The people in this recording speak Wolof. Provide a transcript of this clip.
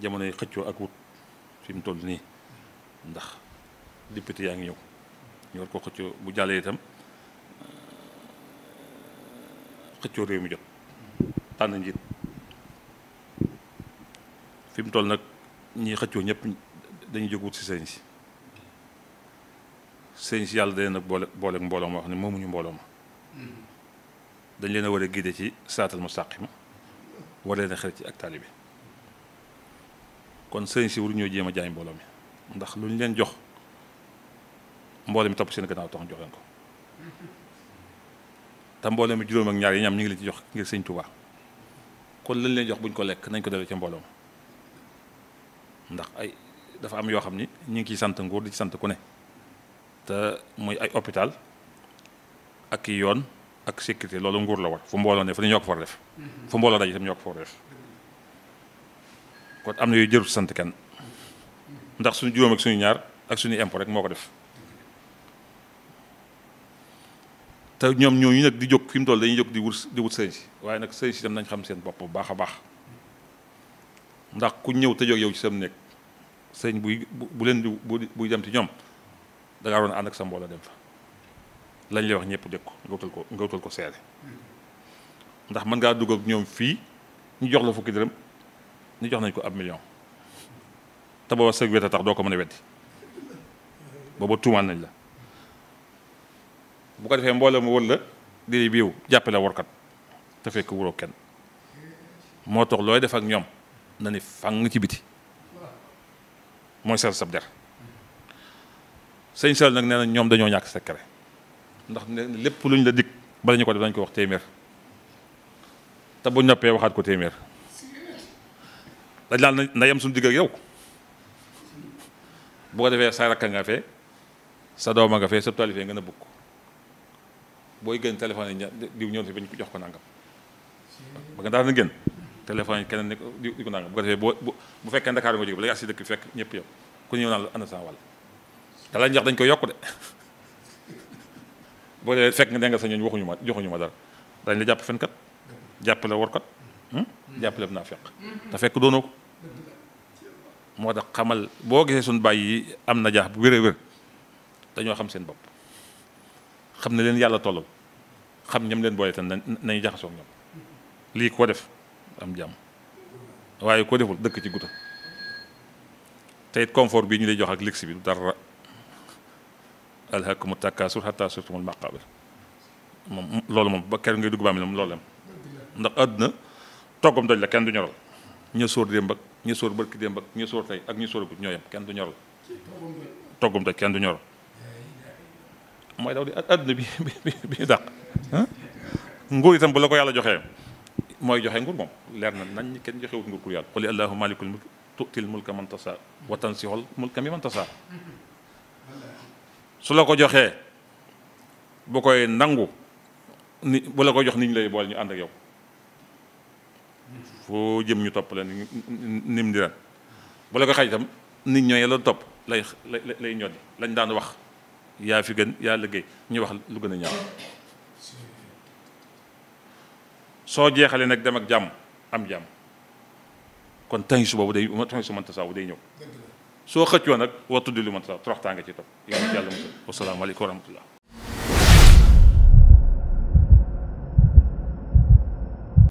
jamonoy xëccoo ak wut fi mu toll nii ndax député yaa ngi ñëw ñu war koo xëccoo bu jàllee itam euh, xëccoo réew mi jot tànn njiit fi mu toll nag ñii xëccoo ñëpp dañuy jóg wut si sëñ si sëñ si yàlla daleen nag boole mbooloo ma wax ne moomuñu mbooloo ma mm-hmm. dañ leen a war a gide ci saatal mustaqima war leen a xel ci ak taalibe kon sëriñ si waruñoo jéem a jaay mbooloo mi ndax lu ñu leen jox mbooloo mi topp seen gannaaw tax jox ko te mbooloo mi juróom ak ñaar yi ñam ñi ngi leen ci jox ngir sëñ Tuubaa kon lañ leen jox buñ ko lekk nañ ko delloo ca mbooloo ma ndax ay dafa am yoo xam ni ñu ngi ciy sant nguur di ci sant ku ne te muy ay hôpital ak yoon ak sécurité loolu nguur la war fu mbooloo ne fu ne ñoo ko fa def fu mbooloo daje itam ñoo ko fa def kon am na yooyu jërut sant kenn ndax suñu juróom ak suñu ñaar ak suñu impôt rek moo ko def te ñoom ñooñu nag di jóg fi mu toll dañuy jóg di wut di wut sëñ si waaye nag sëñ si tam nañ xam seen bopp bu baax a baax ndax ku ñëw te jóg yow ci sam néeg sëñ buy bu leen di bu dem ci ñoom da ngaa waroon ànd ak sa mbooloo dem fa lañ lay wax ñëpp dégg ko nga wutal ko nga wutal ko seere ndax mën ngaa dugg ak ñoom fii ñu jox la fukki dërëm ñu jox nañ ko ab million te booba sëg wet a tax doo ko mën a weddi booba tuumaan nañ la bu ko defee mboole mu wër la di biiw jàppale workat te fekk wuroo kenn moo tax looy def ak ñoom na ni fang ci biti mooy sel sab der sëñ sel nag nee na ñoom dañoo ñàkk secret ndax lépp lu ñu la dikk bala ñu ko def dañ ko wax téeméer te bu noppee waxaat ko téeméer dañ laal na yem suñu digg ak yow bu defee sa rakka nga fee sa dooma nga fee sa talifee nga na bukk booy gën téléphone yi diw ñëw fi ba ñu jox ko nangam ba nga gën téléphone yi keneen ne ko di ko nangam bu ko bu fekkee Ndakaaru nga jóge ba si dëkk bi fekk ñëpp yow ku ñëw naan la ana sa wàll dañ koy yokk de boo defee fekk nga sa ñooñ waxuñu ma ma dara dañ la jàpp fenkat jàppale la Hmm? jàppaleb naa feq te fekk doonoo ko moo tax xamal boo gisee suñu bàyyi yi am na jaax bu wér a wér dañoo xam seen bopp xam ne leen yàlla tollal xam ñam leen boole tan nañu jaxasoo ñoom lii ko def am jàmm waaye ko deful dëkk ci guta te it confort bii ñu lay jox ak luxe bi du dara alhaakumu takaasur hattaa surtumul maqaabir moom loolu moom ba keroog ngay dugg bàmmeel moom loolu ndax àdduna toggam doj la kenn du ñoral ña sóor démb ak ña sóor barki démb ak ña sóor tey ak ña ñoo yem kenn du ñoral toggam doj kenn du ñoral mooy daw di àdduna bi bi bi ñu dàq nguur itam bu la ko yàlla joxee mooy joxe nguur moom leer na nañ kenn joxewut nguur ku yàlla qul allahumma maalikul mulk tu'til mulka man tasa wa tansihul mulka mimman tasa su la ko joxee bu koy nangu ni bu la ko jox niñ lay boole ñu ànd ak yow foo jëm ñu topp la ni nim di ren bu la ko xaj itam nit ñooy la topp lay lay ñoddi lañ daan wax yaa fi gën yaa liggéey ñu wax lu gën a ñaaw soo jeexalee nag dem ak jàmm am jàmm kon tey su boobu day tey su mënta saabu day ñëw soo xëccoo nag war tudd lu mënta saabu toroxtaa nga ci topp yàlla ci yàlla musal wasalaamaaleykum wa rahmatullah